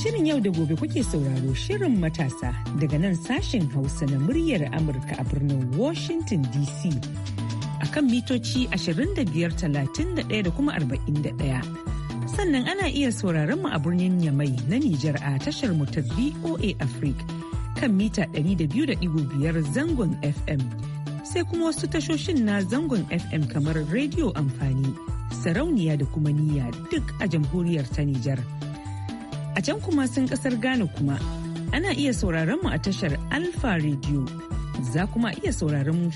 Shirin yau da gobe kuke sauraro shirin matasa daga nan sashen Hausa na muryar Amurka a birnin Washington DC. A kan mitoci 25,31 da kuma 41. Sannan ana iya sauraron mu a birnin Yamai na Nijar a tashar mu ta VOA Africa kan mita 200.5 zangon FM. Sai kuma wasu tashoshin na zangon FM kamar Radio Amfani, Sarauniya da kuma Niyya duk a jamhuriyar ta Nijar. A can kuma sun kasar Ghana kuma ana iya sauraron mu a tashar Alpha Radio. Za kuma iya sauraron mu.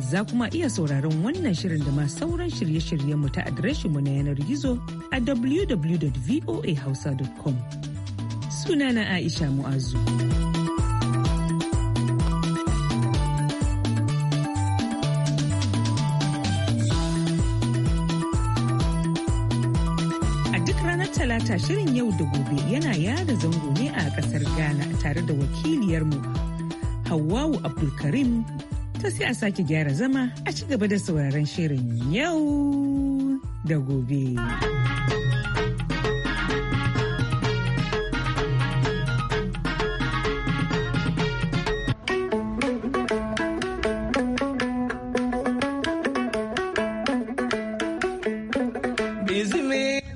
Za kuma iya sauraron wannan shirin da ma sauran shirye-shiryen mu ta adireshin mu na yanar gizo a www.voahausa.com. Sunana Aisha Mu'azu. talata shirin yau da gobe yana yada zango ne a kasar Ghana tare da wakiliyarmu Hawwawu Abdulkarim ta sai a sake gyara zama a ci gaba da sauraron shirin yau da gobe.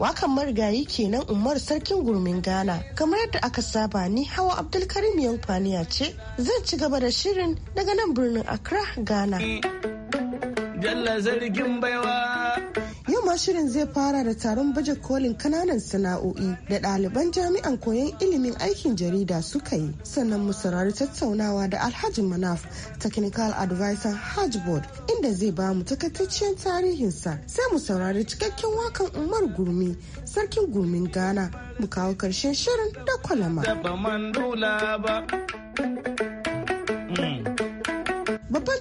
Wakan marigayi kenan Umar Sarkin Gurmin Ghana. Kamar yadda aka saba ni Hawa Abdulkarim Yankwaniya ce zan ci gaba da shirin daga nan birnin Accra, Ghana. Jalla zargin baiwa Yau ma shirin zai fara da taron baje kolin kananan sana'o'i da ɗaliban jami'an koyon ilimin aikin jarida suka yi. Sannan mu saurari tattaunawa da Alhaji Manaf, Technical Advisor Hajj Board, inda zai ba mu takaitaccen tarihinsa. Sai mu saurari cikakken wakan Umar Gurmi, sarkin gurmin Ghana. Mu kawo ƙarshen shirin da kwalama.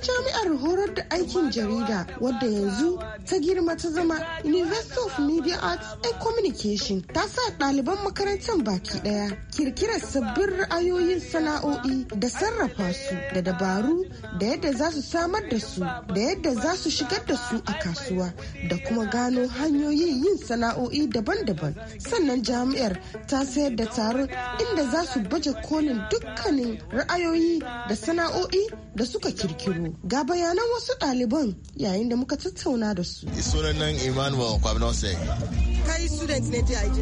jami'ar horar da aikin jarida wadda yanzu ta girma ta zama University of Media Arts and Communication ta sa ɗaliban makarantar baki ɗaya kirkirar sabbin ra'ayoyin sana'o'i da sarrafa su da dabaru da yadda za su samar da su da yadda za su shigar da su a kasuwa da kuma gano hanyoyin yin sana'o'i daban-daban sannan jami'ar ta sayar da taron inda za su baje kolin dukkanin ra'ayoyi da sana'o'i da suka kirkiro ga bayanan wasu ɗaliban yayin da muka tattauna da su. Sunanan Emmanuel Ka Kai student ne GIJ?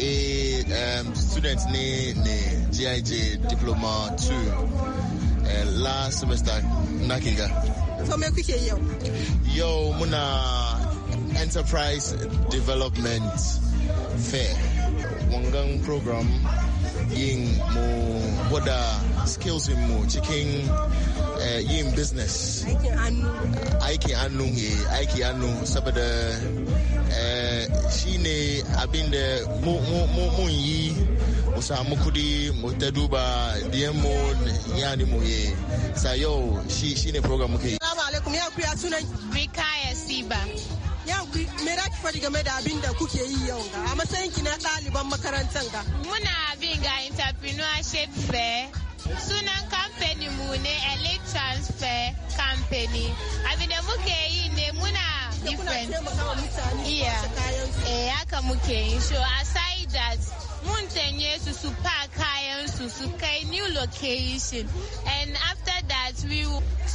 Eh, um, student ne ne GIJ Diploma 2 uh, eh, last semester na kinga. to me kuke yau? Yau muna Enterprise Development Fair. Wangan program yin mu wada skills mu cikin Eh, yin business aikin hannu eh, aiki hannu saboda eh, shi ne abin da mun yi mu samu kudi mu ta duba ya ni mu ye sa yau shi ne program muke yi salamu alaikum ya kuya sunan rikaya siba ya kuyi za ki faɗi game da abin da kuke yi yau ga a matsayin ki na ɗaliban makarantar ga muna bin ga entrepreneurship fair sunan kamfe mu ne elite transfer company I da muke yi ne muna different iya eh haka muke yi so aside that mun tanye su su pa kayan to super new location and after that we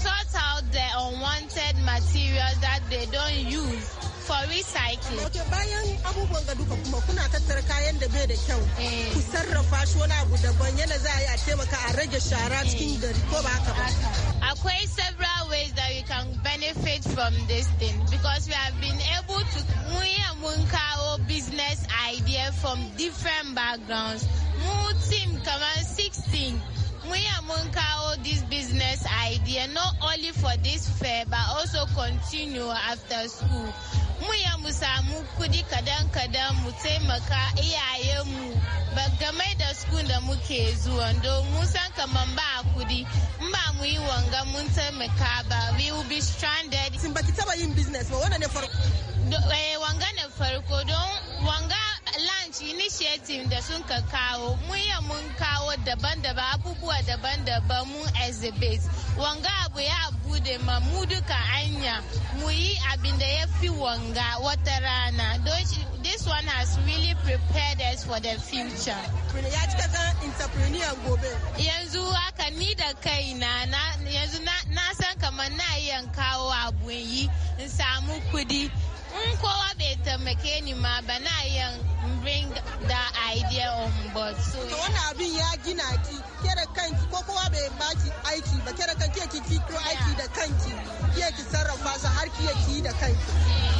sort out the unwanted materials that they don't use for recycling. Ok bayan abubuwan ga duka kuma kuna tattara kayan da bai da kyau eh. ku sarrafa shi wani abu daban yana za a yi a taimaka a rage shara eh. cikin gari ko ba haka ba. Akwai several ways that we can benefit from this thing because we have been able to mun kawo business idea from different backgrounds. Mu team kamar 16 We mun kawo this business idea not only for this fair but also continue after school. Muya mu samu kudi kadan-kadan mu taimaka iyayenmu ba game da school da muke zuwa don mu san kaman ba kudi in ba mu yi wanga mun taimaka ba we will be stranded. Sun baki taba yin business ba wanda ne farko? Eh, wanga ne farko don wanga initiative da sun ka kawo muya mun kawo daban-daban abubuwa daban-daban mun exhibit wanga abu ya bude ma mu duka anya mu yi abin da ya fi wanga wata rana this one has really prepared us for the future ya cika zan entrepreneur gobe yanzu haka ni da kai na yanzu na san kamar na iya kawo abu yi in samu kudi in kowa bai taimake ni ma ba na yan bring da idea on board so to wani abin ya gina ki kera kanki ko kowa bai baki aiki ba kera kanki ki fito aiki da kanki kiya ki sarrafa su har kiya ki da kanki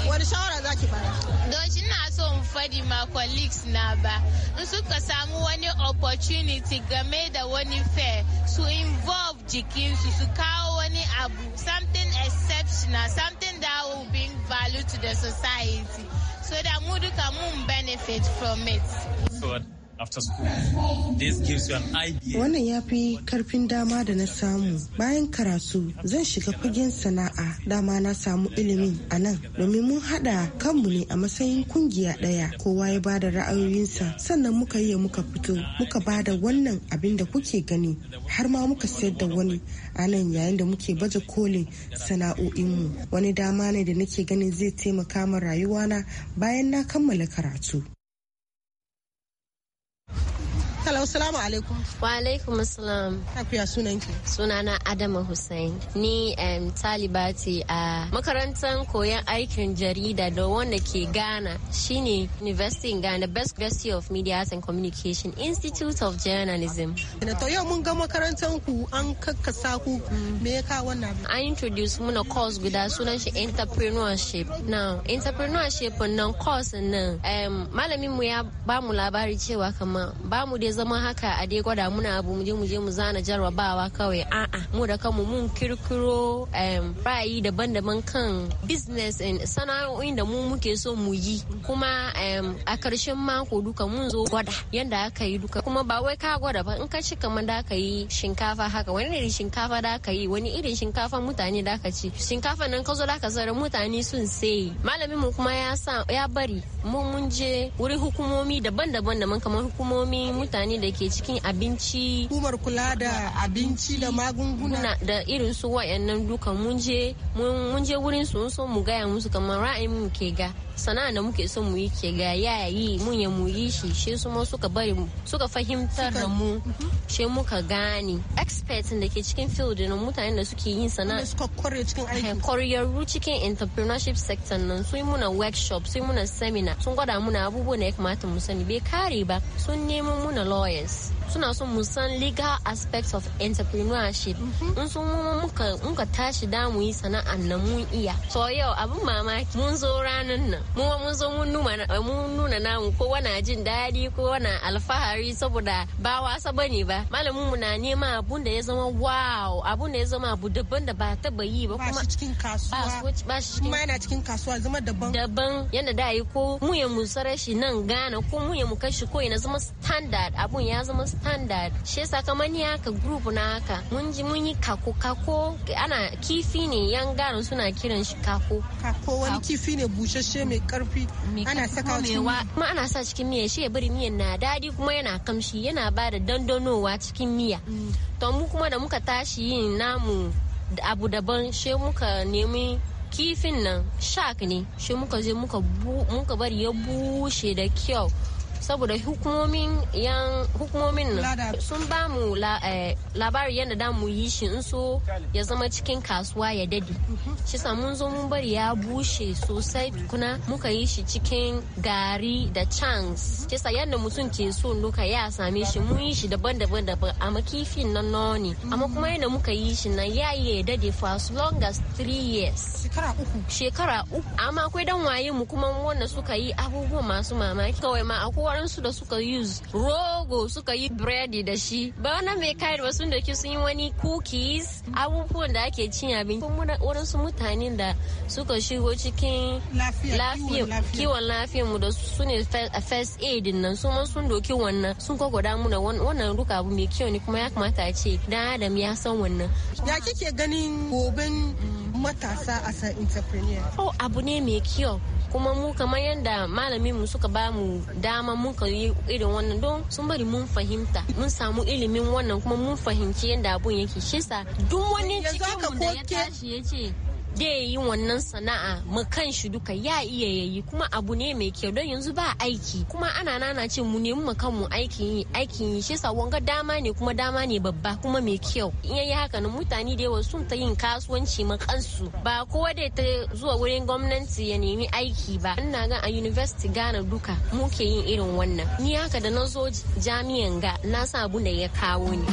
wani shawara za ki baya doshi na so in fadi ma colleagues na ba in suka samu wani opportunity game da wani fair su involve jikinsu su kawo abu something exceptional something that will bring value to the society so that we can benefit from it. So, Wannan ya fi karfin dama da na samu. Bayan karatu zan shiga fagen sana'a dama na samu ilimin a nan domin mun haɗa kanmu ne a matsayin kungiya ɗaya kowa ya bada ra'ayoyinsa sannan muka yi muka fito muka bada wannan abin da kuke gani har ma muka sayar da wani a nan yayin da muke baje kolin sana'o'inmu wani dama ne da nake ganin zai taimaka ma rayuwana bayan na kammala karatu. Hello, salamu alaikum. Wa alaikum salam. Tafiya sunanki. Sunana Adama Hussein. Ni um, taliba ce a makarantar koyon aikin jarida da wanda ke Ghana shine University in Ghana Best University of Media and Communication Institute of Journalism. to yau mun ga makarantar ku an kakkasa ku me ya ka wannan An introduce muna course guda sunan shi entrepreneurship. Now, entrepreneurship nan course nan um, malamin mu ya ba mu labari cewa kama ba mu dai zama haka a dai gwada muna abu mu je mu je mu zana jarrabawa kawai a'a mu da kanmu mun kirkiro ra'ayi daban-daban kan business and sana'o'in da mu muke so mu yi kuma a karshen mako duka mun zo gwada yanda aka yi duka kuma ba wai ka gwada ba in ka ci kamar da aka yi shinkafa haka wani irin shinkafa da aka yi wani irin shinkafa mutane da aka ci shinkafa nan ka zo da ka zara mutane sun sai malamin mu kuma ya sa ya bari mun mun je wuri hukumomi daban-daban da kamar hukumomi mutane mutane da ke cikin abinci kumar kula da abinci da magunguna da irin su wayannan duka mun je wurin su mu gaya musu kamar ra'ayin mu ke ga sana'a da muke son mu yi ke ga yayi mun ya muyi shi shi su ma suka bari mu suka fahimtar da mu shi muka gane experts da ke cikin field na mutanen da suke yin sana'a suka kore cikin aiki eh, cikin entrepreneurship sector nan su yi muna workshop su yi muna seminar sun gwada muna abubuwan da ya kamata mu sani bai kare ba sun nemo muna lawyers suna son mu san legal aspects of entrepreneurship mhm. in sun muka muka tashi da mu yi sana'an nan mun iya so yau abin mamaki mun zo ranan nan mu mun zo mun nuna mun nuna namu ko wani jin dadi ko na alfahari saboda ba wasa bane ba malamin mu na nema abun da ya zama wow abun da ya zama abu daban da ba taba yi ba kuma ba cikin kasuwa ba shi kuma yana cikin kasuwa zama daban daban yana da yi ko mu ya mu sarashi nan gana ko mu ya mu kashi ko ina zama standard abun ya zama standard standard shi yasa haka group na haka mun ji mun yi kako kako ana kifi ne yan garin suna kiran shi kako kako wani kifi ne bushashe mai karfi ana saka kuma ana sa cikin miya shi ya bari miyan na dadi kuma yana kamshi yana ba da dandanowa cikin miya mm. to mu kuma da muka tashi yin namu abu daban shi muka nemi kifin nan shark ne shi muka je muka bari ya bushe da kyau saboda hukumomin yan hukumomin nan sun ba mu eh, labari yadda da mu yi shi in so ya zama cikin kasuwa ya dade mhm. shi mun zo mun bari ya bushe sosai kuna muka yi shi cikin gari da chance kisa mhm. yadda mutum ke so duka ya same shi mun yi shi daban-daban daban amma kifin nan noni mhm. amma kuma yadda muka yi shi na ya yi ya dade for as long as three years shekara uku shekara uku amma akwai dan waye mu kuma wanda suka yi abubuwa masu mamaki kawai ma akwai waɗansu da suka yi rogo suka yi biredi da shi ba wani mai kayan wasu da ke sun yi wani cookies abubuwan da ake cin abinci kuma waɗansu mutanen da suka shigo cikin kiwon lafiyar mu da su ne first aid nan su ma sun doki wannan sun gwada muna wannan duka abu mai kyau ne kuma ya kamata a ce dan adam ya san wannan ya kike ganin goben matasa a san entrepreneur. Oh, abu ne mai kyau kuma mu kamar yadda malamin mu suka ba mu dama mun ka yi irin wannan don sun bari mun fahimta mun samu ilimin wannan kuma mun fahimci yadda abun yake shisa. duk wani cikin mu da ya tashi ya ce da yi wannan sana'a ma kan shi duka ya iya yayi kuma abu ne mai kyau don yanzu ba aiki kuma ana nana ce mu nemi mu kanmu aikin yi aikin yi shi wanga dama ne kuma dama ne babba kuma mai kyau in yayi haka nan mutane da yawa sun ta yin kasuwanci ma kansu ba kowa da ta zuwa wurin gwamnati ya nemi aiki ba ina ga a university Ghana duka muke yin irin wannan ni haka da na zo jami'an ga na sa abu da ya kawo ni.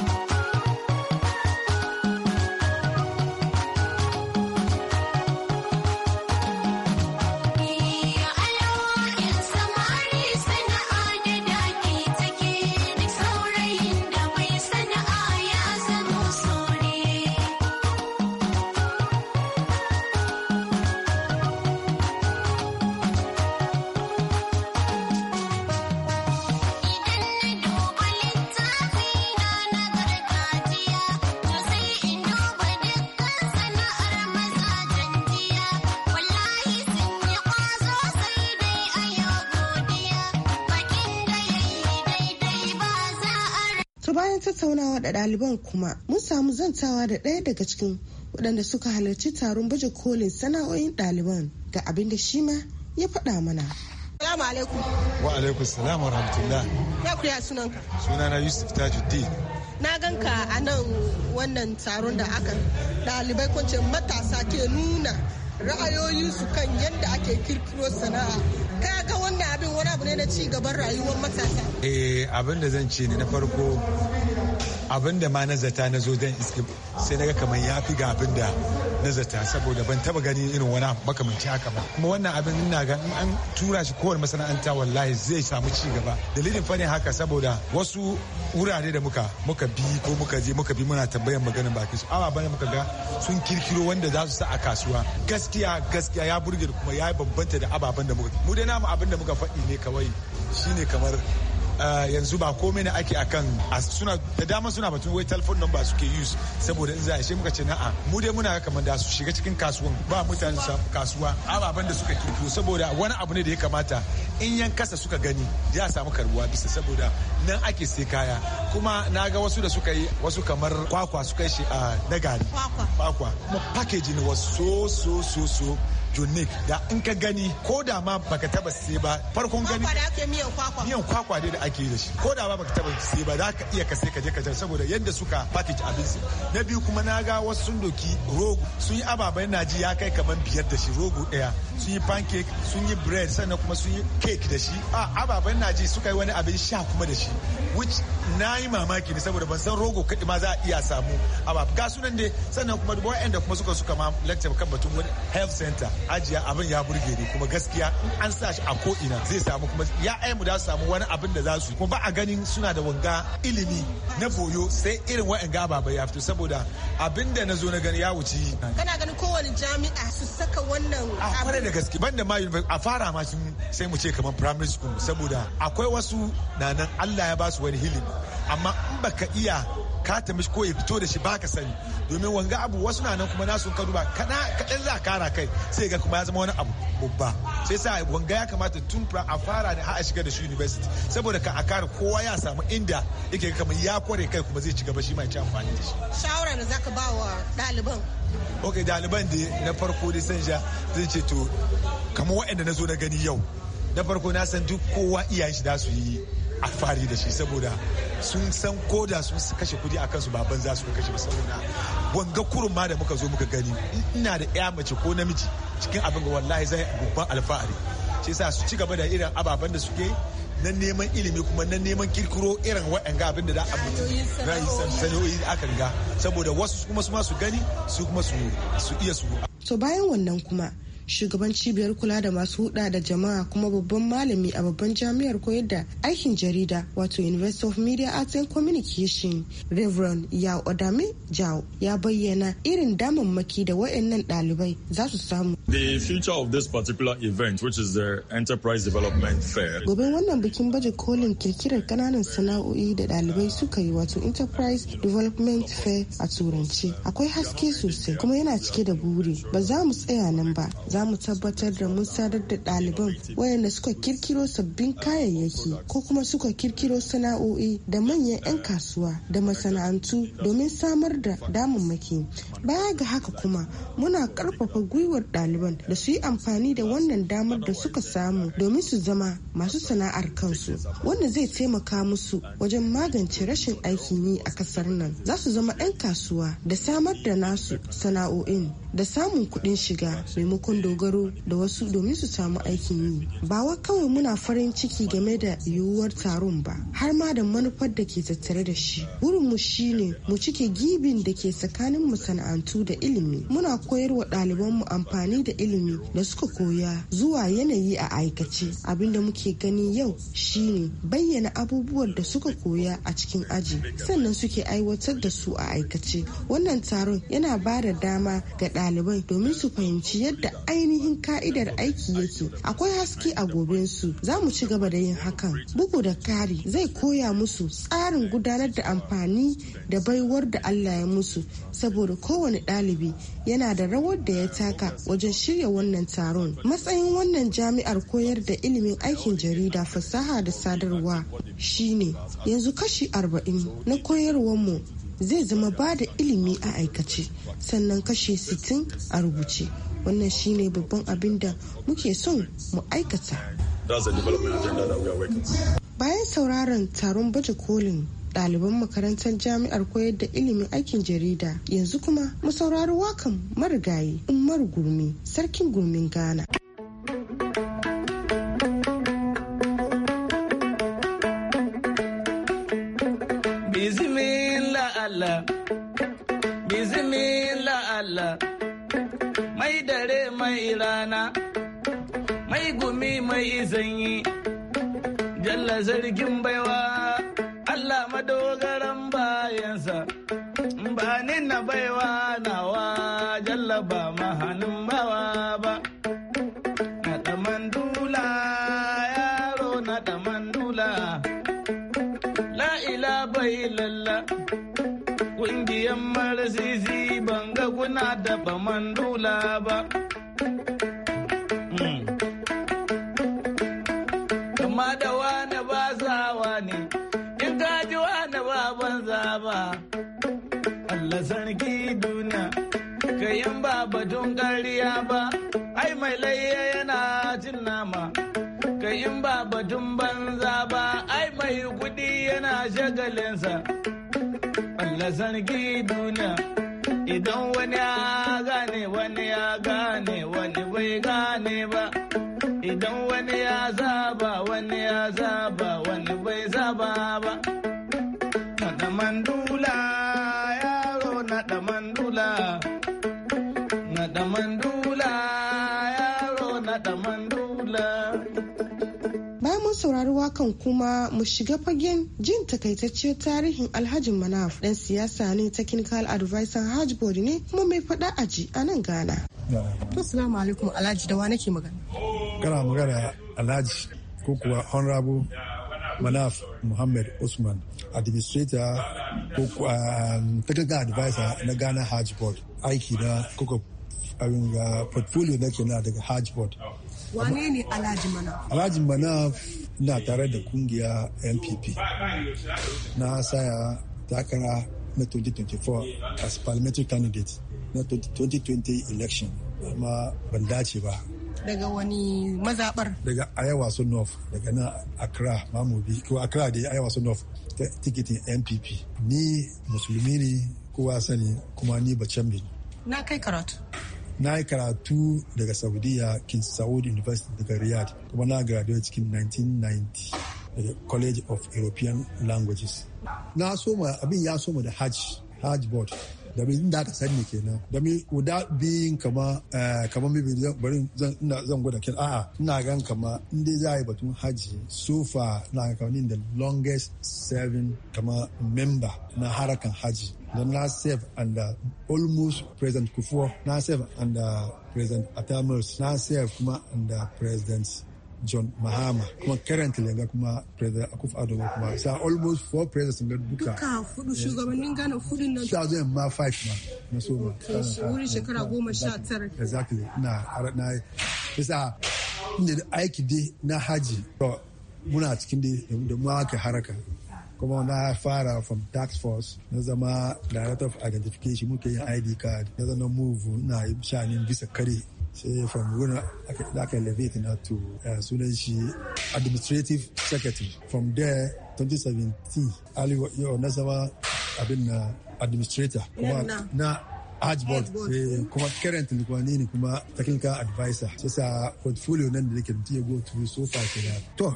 tattaunawa da ɗaliban kuma mun samu zantawa da ɗaya daga cikin waɗanda suka halarci taron baje kolin sana'o'in ɗaliban ga abin da shi ma ya faɗa mana. Salamu alaikum. Wa alaikum salam wa rahmatullah. Ya kuya sunanka. Sunana Yusuf Tajuddin. na ganka a nan wannan taron da aka ɗalibai ce matasa ke nuna su kan yadda ake kirkiro sana'a ka ga wannan abin wani abu ne na ci gaban rayuwar matasa eh abin da zan ce ne na farko abin da ma na zata na zo dan iske sai na ga kamar ya fi ga abin da na zata saboda ban taba ganin irin wani makamanci haka ba kuma wannan abin ina ga in an tura shi kowar masana'anta wallahi zai samu ci gaba dalilin fa ne haka saboda wasu wurare da muka muka bi ko muka je muka bi muna tambayan maganin baki su bane muka ga sun kirkiro wanda za su sa a kasuwa gaskiya gaskiya ya burge kuma ya bambanta da ababen da muka mu dai namu abin da muka faɗi ne kawai shine kamar yanzu ba komai ne ake akan suna da dama suna batun wai telephone number suke use saboda in za a muka ce na'a mu dai muna haka da su shiga cikin kasuwan ba mutane su kasuwa ababen da suka kirkiro saboda wani abu ne da ya kamata in yan kasa suka gani ya samu karbuwa bisa saboda nan ake sai kaya kuma na ga wasu da suka yi wasu kamar kwakwa suka yi shi a na gari kwakwa kuma package ne wasu so so so so junik da in ka gani ko da ma baka taba sai ba farkon gani miyan kwakwa ne da ake yi da shi ko da ma baka taba sai ba za ka iya ka sai ka je ka jar saboda yadda suka package abin su na biyu kuma na ga wasu sun doki rogo sun yi ababen naji ya kai kamar biyar da shi rogo daya sun yi pancake sun yi bread sannan kuma sun yi cake da shi a ababen naji suka yi wani abin sha kuma da shi which na yi mamaki ne saboda ban san rogo kaɗi ma za a iya samu amma ga sunan ne sannan kuma duk wa'anda kuma suka suka ma lecture kan batun wani health center ajiya abin ya burge ni kuma gaskiya in an sa shi a ko ina zai samu kuma ya mu da su samu wani abin da za su kuma ba a ganin suna da wanga ilimi na boyo sai irin wa'anga baba ya fito saboda abin da na zo na gani ya wuce kana ganin kowane jami'a su saka wannan a kwarai da gaske banda ma a fara ma sun sai mu ce kamar primary school saboda akwai wasu na nan Allah ya ba su wani hilimi amma in baka iya ka ko ya fito da shi baka sani domin wanga abu wasu na nan kuma nasu ka duba kaɗan za kara kai sai ga kuma ya zama wani abu babba sai sa wanga ya kamata tun a fara da a shiga da shi university saboda ka a kara kowa ya samu inda yake kamar ya kware kai kuma zai ci gaba shi mai ci amfani da shi shawara da zaka ba wa ɗaliban ok ɗaliban da na farko san ja zai ce to kamar waɗanda na zo na gani yau na farko na san duk kowa iyayen shi za su yi alfahari da shi saboda sun san koda sun kashe kudi a kansu baban za su kashe saboda wanga kurun ma da muka zo muka gani ina da ya mace ko namiji cikin abin ga wallahi zai babban alfahari shi sa su ci gaba da irin ababen da suke na neman ilimi kuma na neman kirkiro irin waɗanga abin da za a da rayu sanyoyi da aka riga saboda wasu kuma su ma su gani su kuma su iya su. to bayan wannan kuma shugaban cibiyar kula da masu huda da jama'a kuma babban malami a babban jami'ar koyar da aikin jarida wato University of Media Arts and Communication Reverend Yao Odame Jao ya bayyana irin damammaki da waɗannan dalibai za su samu. The future of this particular event which is the Enterprise Development Fair. Gobe wannan bikin baje kolin kirkirar kananan sana'o'i da dalibai suka yi wato Enterprise Development Fair a turanci. Akwai haske sosai kuma yana cike da buri ba za mu tsaya nan ba za za mu tabbatar da mun sadar da ɗaliban wayanda suka kirkiro sabbin kayayyaki ko kuma suka kirkiro sana'o'i da manyan 'yan kasuwa da masana'antu domin samar da damammaki baya ga haka kuma muna karfafa gwiwar ɗaliban da su yi amfani da wannan damar da suka samu domin su zama masu sana'ar kansu wanda zai taimaka musu wajen magance rashin aikin yi a kasar nan za su zama 'yan kasuwa da samar da nasu sana'o'in da samun kuɗin shiga maimakon dogaro da wasu domin su samu aikin yi ba wa kawai muna farin ciki game da yiwuwar taron ba har ma da manufar da ke tattare da shi wurin mu shine mu cike gibin da ke tsakanin masana'antu da ilimi muna koyar koyarwa ɗalibanmu amfani da ilimi da suka koya zuwa yanayi a aikace abin da muke gani yau shine bayyana abubuwan da suka koya a cikin aji sannan suke aiwatar da su a aikace wannan taron yana ba da dama ga ɗalibai domin su fahimci yadda ainihin ka'idar aiki yake akwai haske a su. za mu ci gaba da yin hakan bugu da kari zai koya musu tsarin gudanar da amfani da baiwar da allah ya musu saboda kowane ɗalibi yana da rawar da ya taka wajen shirya wannan taron matsayin wannan jami'ar koyar da ilimin aikin jarida fasaha da sadarwa shine yanzu kashi arba'in na koyarwar mu. zai zama ba da ilimi a aikace sannan kashe 60 a rubuce wannan shine babban abin da muke son mu aikata bayan sauraron taron baje kolin ɗaliban makarantar jami'ar koyar da ilimin aikin jarida yanzu kuma mu saurari wakan marigayi umar gurmi sarkin gurmin ghana mai rana mai gumi mai zanyi jalla zargin baiwa Allah madogaran bayansa ba ni na baiwa nawa jalla ba mahanin in ba batun ƙarya ba ai mai layya yana jin nama kai in ba batun banza ba ai mai kuɗi yana shagalinsa Allah sarki duniya idan wani ya gane wani ya gane wani bai gane ba idan wani ya faruwa kan kuma mu shiga fagen jin takaitacciyar tarihin alhaji manaf dan siyasa ne technical advisor hajj board ne kuma mai faɗa aji a nan ghana to salamu alaikum alhaji da wa ke magana kana magana alhaji ko kuwa honorable manaf muhammad usman administrator ko um, technical advisor na ghana hajj board aiki na kuka abin ga uh, portfolio na kenan daga hajj board wane ne alhaji manaf alhaji manaf ina tare da kungiya npp na saya takara na 2024 as parliamentary candidate na 2020 election amma ban dace ba daga wani mazabar daga ayawa su north daga na accra mamobi ko accra da ayawa su north ta tikitin npp ni musulmi ne kowa sani kuma ni bacen bin na kai karatu na yi karatu daga saudiya king saudi university daga riyadh kuma na graduate cikin 1990 daga eh, college of european languages na soma abin ya soma da hajj hajj board da bin da aka sani kenan da mi guda biyin kama eh, kama mibi bari zan gwada kin a'a ina gan kama in dai za yi batun haji far na ga ni the longest serving kama member na harakan haji na Nasef and uh, almost President Kufuor, Nasef and uh, President Atamers, Nasef kuma and uh, President John Mahama kuma currently ga kuma President Akuf ado kuma sa almost four presidents ga duka. Duka hudu shugabannin Ghana hudu nan. Sha zai ma five ma na so ma. Ah, Wurin shekara ah, goma sha tara. Exactly na na bisa inda aiki dai na haji to muna cikin dai da mu aka haraka. kuma na fara from tax force na zama director of identification muke yin id card na zama move na shanin bisa kare sai from wurin da aka elevate na to uh, sunan shi administrative secretary from there 2017 ali yau na zama abin na administrator kuma na Arch kuma current kuma ni ne kuma technical advisor sai sa uh, portfolio nan da nake mutum ya go through so far kenan to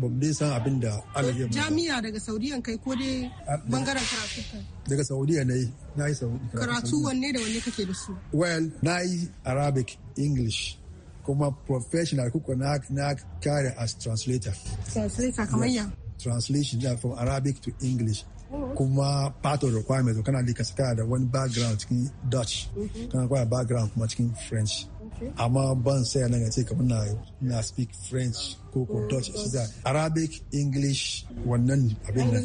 ba dai san abin da ana yi jami'a daga saudiya kai ko dai ah, bangaren karatu daga saudiya na yi na yi karatu wanne da wanne kake da su well na yi arabic english kuma professional kuka na na kare as translator translator kamar ya translation da from arabic to english oh. kuma part of requirement kana da kana da wani background cikin dutch mm-hmm. kana kwaya background kuma cikin french amma ban sai nan ce kamar na na speak french ko ko dutch shi da arabic english wannan abin da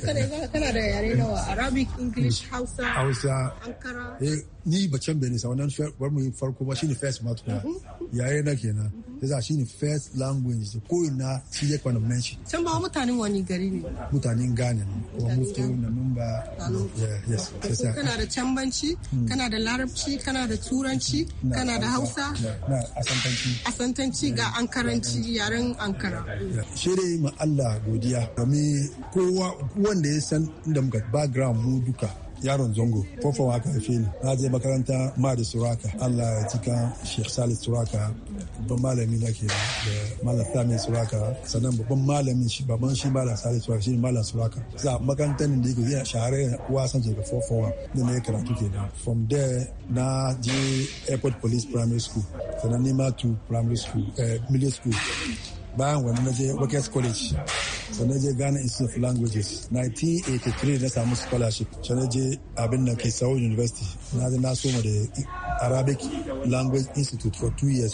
kana da yare nawa arabic english hausa hausa ankara eh, ni ba can bai nisa wannan mu farko ba shine first ma tukuna yare na kenan yasa shine first language ko ina shi ya kwana mun shi can ba mutanen wani gari ne mutanen Ghana ne ko mutum fito na numba yes kana da canbanci hmm. kana da larabci kana da turanci kana da Hausa na asantanci asantanci ga ankaranci yaren Ankara shi dai ma Allah godiya kuma kowa wanda ya san inda muka background mu duka yaron zongo fofon aka haife ni na je makaranta ma da suraka allah ya cika sheikh salis suraka babban malami na ke da malam sami suraka sannan babban malamin shi babban shi malam salis suraka shi malam suraka za makarantar da yake zai shahara wasan ke da wa da na ya karatu ke from there na je airport police primary school sannan nima to primary school eh, middle school bayan wani na je workers college sannan je Ghana Institute of Languages 1983 na samu scholarship sannan je abin nan University na naso ma da Arabic Language Institute for two years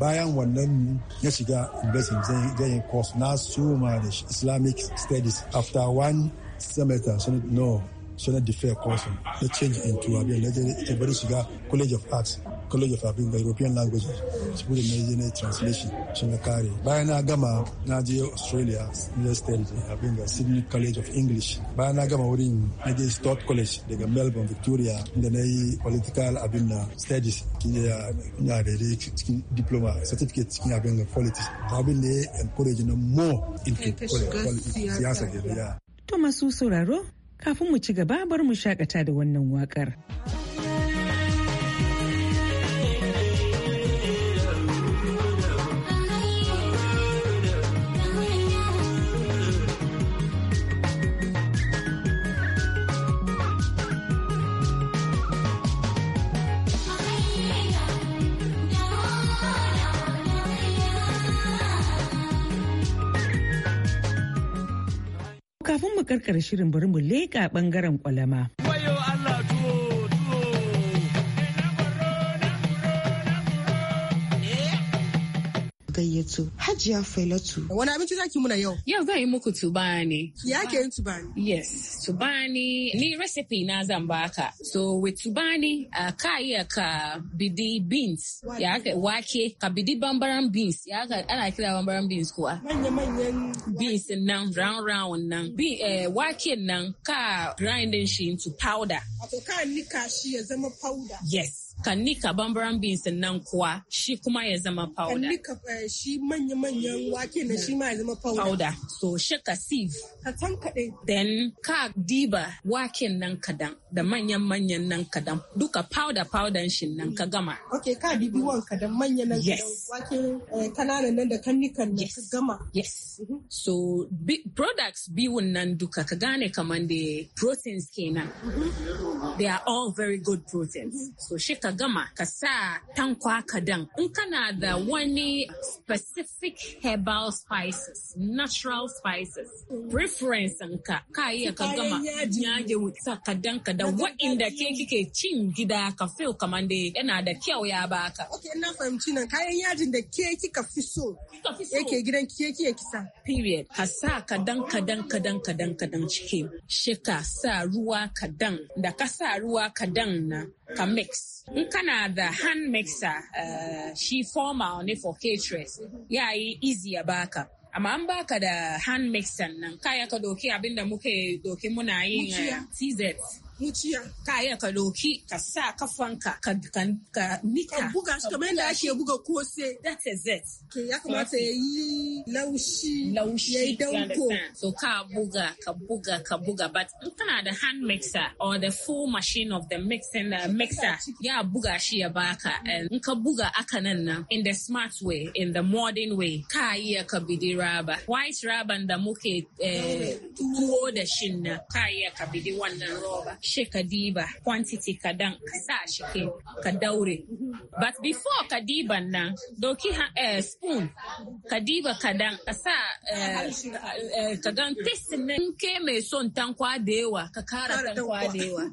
bayan wannan ya shiga investment zai yi course na soma da Islamic studies after one semester so no so na defer course na change into abin na je bari shiga College of Arts College of African da European language Languages school na yi ne translation shi na kare bayan na gama na je Australia University abin da Sydney College of English bayan na gama wurin na je Stott College daga Melbourne Victoria inda na yi political abin na studies kinya uh, na da cikin diploma certificate cikin abin da politics abin da ya encourage na more into siyasa da ya thomas masu sauraro kafin mu ci gaba bar mu shakata da wannan wakar. Kafin mu karkar shirin bari mu leƙa bangaren kwalama. gayyato Hajiya Failatu. Wani abinci za ki muna yau? Yau zan yi muku tubani. Ya ke yin tubani? Yes, tubani ni recipe na zan baka. So with tubani uh, ka iya ka bidi beans ya ka wake ka bidi bambaran beans ya ka ana kira bambaran beans kuwa. Manya-manyan beans nan round round nan. Be, eh, wake nan ka grinding shi into powder. Wato ka nika shi ya zama powder. Yes ka nika bambaran beans nan kuwa shi kuma ya zama powder. Ka nika eh, shi manya-manyan wake na shi ma ya zama powder. Powder. So shi ka sieve. Ka kaɗai. Then ka diba waken nan kadan da manyan-manyan nan kadan duka powder powder shi nan ka gama. Okay ka dibi wan kadan manya nan kadan wake eh, kananan nan da kan nikan nan ka gama. Yes. Mhm. So products biyun nan duka ka gane kaman da proteins kenan. Mhm. They are all very good proteins. Mhm. So shi ka gama ka sa tankwa dan in kana da wani specific herbal spices natural spices preference ka ka iya ka gama yaje wuta kadan kadan wa'inda ke kike cin gida ka feel kamar da yana da kyau ya baka okay na fahimci nan kayan yajin da ke kika fi so yake gidan ke kike kisa period ka sa dan ka dan ka dan ciki shika sa ruwa dan da ka sa ruwa dan na ka mix in kana da hand mixer uh, shi formal ne for caterers ya yi easy ya baka amma an baka da hand mixer nan kaya ka doki abinda muke doki muna yin uh, eh, tz muciya kaya ka doki ka sa kafanka ka ka nika ka buga shi kamar yadda ake buga kose that is it ya kamata ya yi laushi laushi ya yi danko so ka buga ka buga ka buga but in kana da hand mixer or the full machine of the mixing uh, mixer ya buga shi ya baka in ka buga aka nan nan in the smart way in the modern way ka iya ka bidi raba white raban da muke eh, tuwo da shin ka iya ka bidi wannan roba she ka diba quantity kadan ka sa shi ke ka daure but before ka diban nan doki eh, spoon ka diba kadan ka sa eh, eh, kadan taste ne ke me so tan da yawa ka kara tan da yawa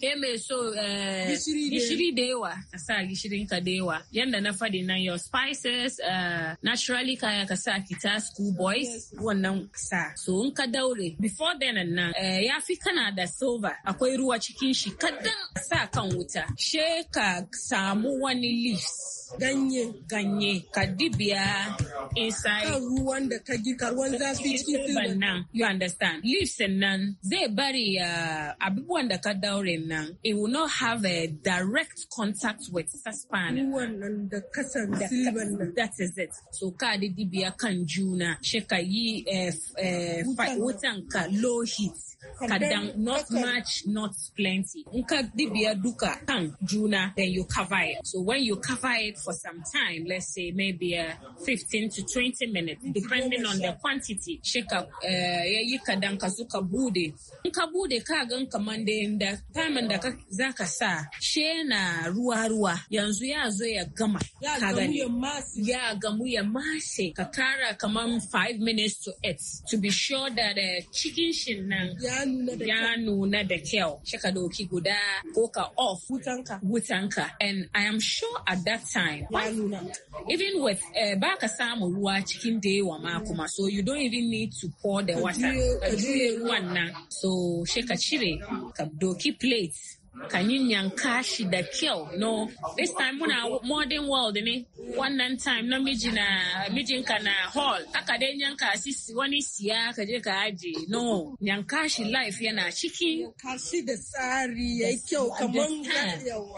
ke me so eh, gishiri da yawa ka sa gishirin ka da yawa yanda na fadi nan your spices uh, naturally kaya ka sa kita school boys wannan sa so in ka daure before then nan eh, ya fi kana da silver akwai ruwa cikin shi kadan sa kan wuta she ka samu wani leaves ganye ganye ka dibiya inside kan ruwan da ka gika ruwan zafi cikin nan you understand leaves nan zai bari uh, abubuwan da ka daure nan it will not have a direct contact with saspan ruwan nan da kasan silban nan that is it so ka di dibiya kan juna she ka yi eh, eh, wutan ka low heat ka dan not much not counts plenty. In ka duka kan juna, then you cover it. So when you cover it for some time, let's say maybe uh, 15 to 20 minutes, depending on the quantity, shika uh, ya yi ka dan ka suka bude. In ka bude ka gan kaman da time da za zaka sa she na ruwa-ruwa yanzu ya zo ya gama. Ya gamu ya mase. Ka kara kaman 5 minutes to eat. to be sure that uh, chicken shin nan ya nuna da kyau. sai ka ɗauki guda ko off wutanka wutanka and I am sure at that time even with uh, eh, ba ka samu ruwa cikin da yawa ma kuma so you don't even need to pour the water so sheka ka cire ka doki can kashi da the kill? No. This time when I modern world ni one time na miji na miji nka na hall. Aka dai nyanka one wani siya ka je ka aje. No. Nyankashi life yana ciki. Ka shi da tsari yayi kyau kaman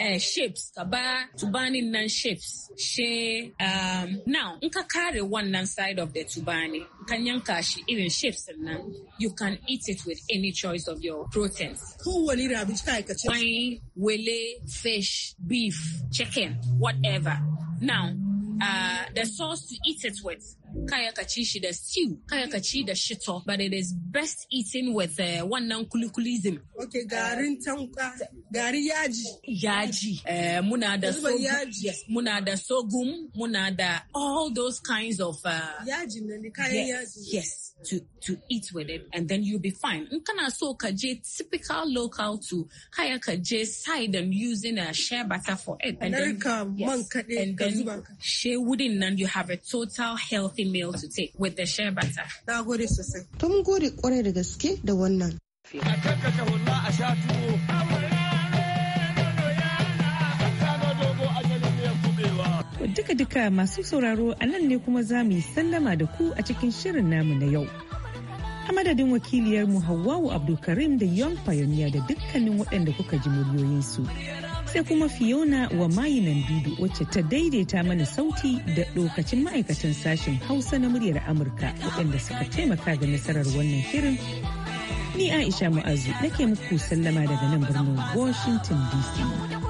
eh shapes ka ba tubani nan shapes. She um now in ka kare wannan side of the tubani. Kan yanka shi irin shapes nan. You can eat it with any choice of your proteins. Kowane abinci ka aikace poultry, wele, fish, beef, chicken, whatever. Now, uh, the sauce to eat it with kaya ka da stew kaya ka da shito but it is best eaten with uh, wannan kulikulism okay garin uh, tanka gari yaji yaji uh, muna da so yes muna da sogum muna da all those kinds of uh, yaji ne kayan yaji yes to to eat with it and then you'll be fine in kana so kaje typical local to kaya ka side and using a share butter for it and then, yes, and then she wouldn't and you have a total healthy protein meal to take with the shea butter. Na gode sosai. To mun gode kwarai da gaske da wannan. duka-duka masu sauraro a nan ne kuma za mu yi sallama da ku a cikin shirin namu na yau. A madadin wakiliyar mu Hawwawu Abdulkarim da Young Pioneer da dukkanin waɗanda kuka ji muryoyinsu. sai kuma Fiona wa mayinan dudu wacce ta daidaita mana sauti da lokacin ma'aikatan sashen Hausa na muryar Amurka waɗanda suka taimaka ga nasarar wannan shirin. Ni Aisha Mu'azu nake muku sallama daga nan birnin Washington DC.